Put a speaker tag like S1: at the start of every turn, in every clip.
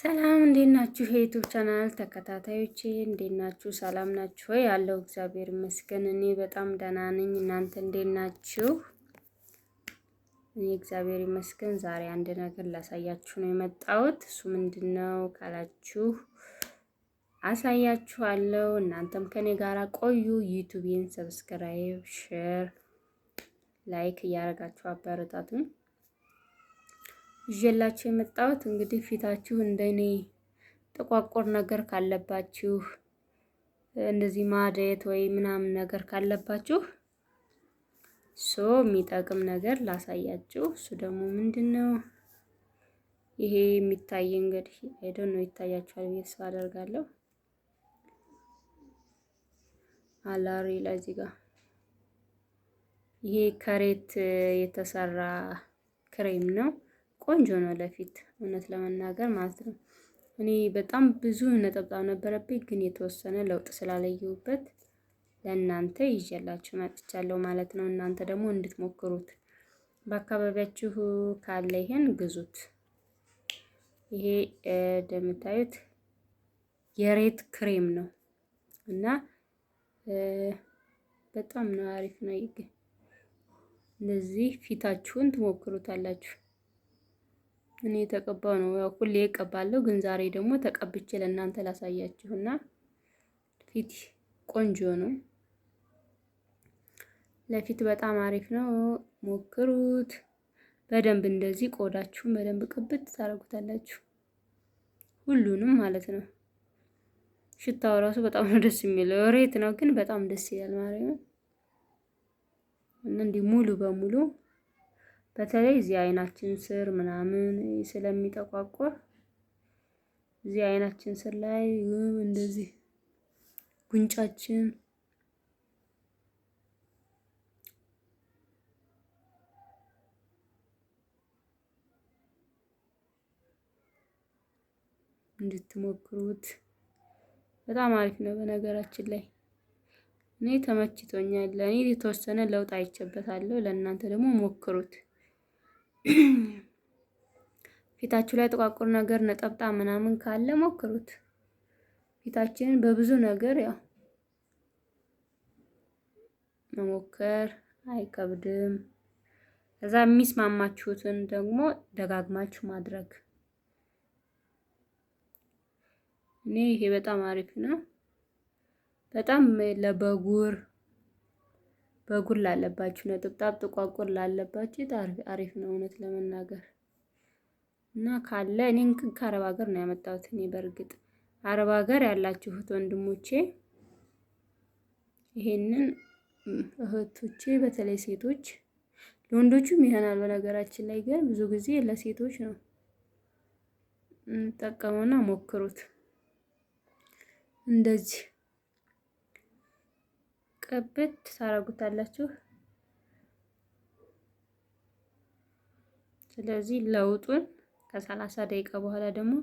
S1: ሰላም እንዴት ናችሁ? የዩቱብ ቻናል ተከታታዮቼ እንዴት ናችሁ? ሰላም ናችሁ ወይ? ያለው እግዚአብሔር ይመስገን እኔ በጣም ደህና ነኝ። እናንተ እንዴት ናችሁ? እኔ እግዚአብሔር ይመስገን። ዛሬ አንድ ነገር ላሳያችሁ ነው የመጣሁት። እሱ ምንድን ነው ካላችሁ አሳያችኋለሁ። እናንተም ከኔ ጋር ቆዩ። ዩቱቤን ሰብስክራይብ፣ ሼር፣ ላይክ እያደረጋችሁ አበረታቱኝ። ይዤላችሁ የመጣሁት እንግዲህ ፊታችሁ እንደኔ ጥቋቁር ነገር ካለባችሁ እንደዚህ ማደየት ወይ ምናምን ነገር ካለባችሁ ሶ የሚጠቅም ነገር ላሳያችሁ። እሱ ደግሞ ምንድን ነው? ይሄ የሚታይ እንግዲህ ሄዶ ነው ይታያችኋል ብዬ ተስፋ አደርጋለሁ። አላሪ ላይ ጋር ይሄ ከሬት የተሰራ ክሬም ነው። ቆንጆ ነው ለፊት እውነት ለመናገር ማለት ነው። እኔ በጣም ብዙ ነጠብጣብ ነበረብኝ፣ ግን የተወሰነ ለውጥ ስላለየሁበት ለእናንተ ይዤላችሁ መጥቻለሁ ማለት ነው። እናንተ ደግሞ እንድትሞክሩት በአካባቢያችሁ ካለ ይሄን ግዙት። ይሄ እንደምታዩት የሬት ክሬም ነው እና በጣም ነው አሪፍ ነው። እንደዚህ ፊታችሁን ትሞክሩታላችሁ። እኔ የተቀባው ነው። ያው ሁሌ እቀባለሁ፣ ግን ዛሬ ደግሞ ተቀብቼ ለእናንተ ላሳያችሁና ፊት ቆንጆ ነው። ለፊት በጣም አሪፍ ነው። ሞክሩት በደንብ እንደዚህ ቆዳችሁን በደንብ ቅብት ታደርጉታላችሁ፣ ሁሉንም ማለት ነው። ሽታው ራሱ በጣም ነው ደስ የሚለው። ሬት ነው ግን በጣም ደስ ይላል ማለት ነው። እና እንዲህ ሙሉ በሙሉ በተለይ እዚህ አይናችን ስር ምናምን ስለሚጠቋቆር እዚህ አይናችን ስር ላይ እንደዚህ ጉንጫችን እንድትሞክሩት በጣም አሪፍ ነው። በነገራችን ላይ እኔ ተመችቶኛል። ለእኔ የተወሰነ ለውጥ አይቼበታለሁ። ለእናንተ ደግሞ ሞክሩት። ፊታችሁ ላይ ጥቋቁር ነገር ነጠብጣ ምናምን ካለ ሞክሩት። ፊታችንን በብዙ ነገር ያው መሞከር አይከብድም። ከዛ የሚስማማችሁትን ደግሞ ደጋግማችሁ ማድረግ። እኔ ይሄ በጣም አሪፍ ነው። በጣም ለበጉር በጉር ላለባችሁ ነጥብጣብ ጥቋቁር ላለባችሁ አሪፍ ነው እውነት ለመናገር እና ካለ እኔን ከአረብ ሀገር ነው ያመጣሁት። እኔ በእርግጥ አረብ ሀገር ያላችሁት ወንድሞቼ ይሄንን እህቶቼ፣ በተለይ ሴቶች ለወንዶቹም ይሆናል። በነገራችን ላይ ግን ብዙ ጊዜ ለሴቶች ነው እንጠቀመውና ሞክሩት እንደዚህ ቅብት ታረጉታላችሁ። ስለዚህ ለውጡን ከሰላሳ ደቂቃ በኋላ ደግሞ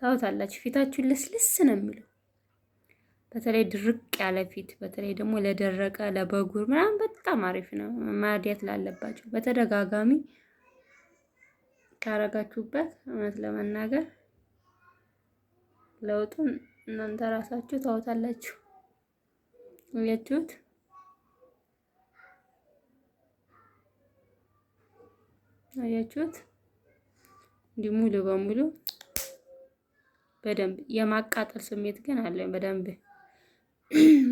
S1: ታውታላችሁ። ፊታችሁን ልስልስ ነው የሚለው። በተለይ ድርቅ ያለ ፊት፣ በተለይ ደግሞ ለደረቀ ለበጉር ምናምን በጣም አሪፍ ነው። ማዲያት ላለባቸው በተደጋጋሚ ካረጋችሁበት እውነት ለመናገር ለውጡን እናንተ ራሳችሁ ታውታላችሁ። አያችሁት? አያችሁት? እንዲህ ሙሉ በሙሉ በደንብ የማቃጠል ስሜት ግን አለ። በደንብ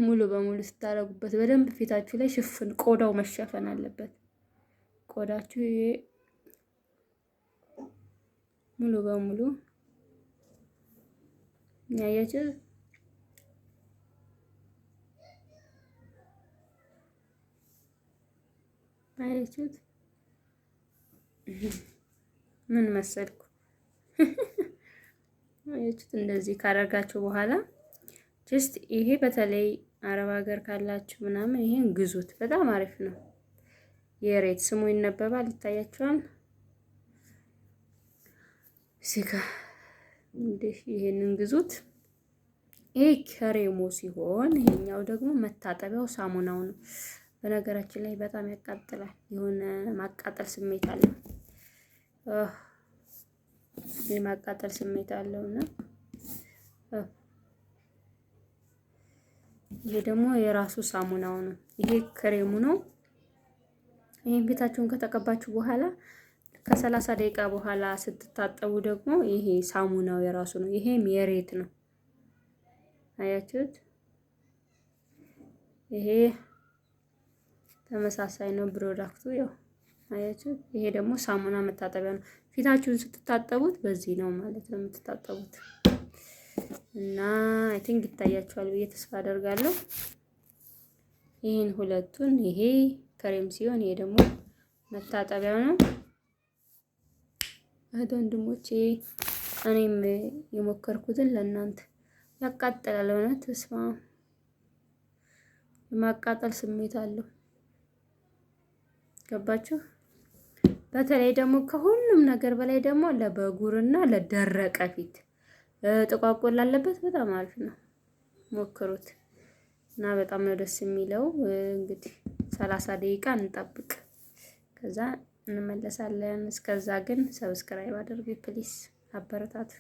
S1: ሙሉ በሙሉ ስታረጉበት በደንብ ፊታችሁ ላይ ሽፍን ቆዳው መሸፈን አለበት። ቆዳችሁ ይሄ ሙሉ በሙሉ ያያችሁት አያችሁት? ምን መሰልኩ? አያችሁት? እንደዚህ ካደረጋችሁ በኋላ ጀስት ይሄ በተለይ አረብ ሀገር ካላችሁ ምናምን ይሄን ግዙት፣ በጣም አሪፍ ነው። የሬት ስሙ ይነበባል፣ ይታያችኋል። እዚህ ጋ ይሄንን ግዙት። ይሄ ከሬሙ ሲሆን ይሄኛው ደግሞ መታጠቢያው ሳሙናው ነው። በነገራችን ላይ በጣም ያቃጥላል። የሆነ ማቃጠል ስሜት አለው፣ የማቃጠል ስሜት አለው እና ይሄ ደግሞ የራሱ ሳሙናው ነው። ይሄ ክሬሙ ነው። ይሄን ፊታችሁን ከተቀባችሁ በኋላ ከሰላሳ ደቂቃ በኋላ ስትታጠቡ ደግሞ ይሄ ሳሙናው የራሱ ነው። ይሄም የሬት ነው። አያችሁት? ይሄ ተመሳሳይ ነው ፕሮዳክቱ። ያው አያችሁ፣ ይሄ ደግሞ ሳሙና መታጠቢያ ነው። ፊታችሁን ስትታጠቡት በዚህ ነው ማለት ነው የምትታጠቡት እና አይ ቲንክ ይታያችኋል ብዬ ተስፋ አደርጋለሁ። ይህን ሁለቱን ይሄ ክሬም ሲሆን ይሄ ደግሞ መታጠቢያ ነው። እህት ወንድሞቼ፣ እኔም የሞከርኩትን ለእናንተ ያቃጥላል። እውነት ተስፋ የማቃጠል ስሜት አለው። ገባችሁ? በተለይ ደግሞ ከሁሉም ነገር በላይ ደግሞ ለበጉርና ለደረቀ ፊት ጥቋቁር ላለበት በጣም አሪፍ ነው፣ ሞክሩት እና በጣም ነው ደስ የሚለው። እንግዲህ ሰላሳ ደቂቃ እንጠብቅ ከዛ እንመለሳለን። እስከዛ ግን ሰብስክራይብ አድርጉ ፕሊስ፣ አበረታቱ።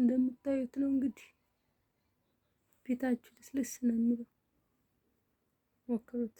S1: እንደምታዩት ነው እንግዲህ ፊታችሁ ልስልስ ነው የሚለው ሞክሩት።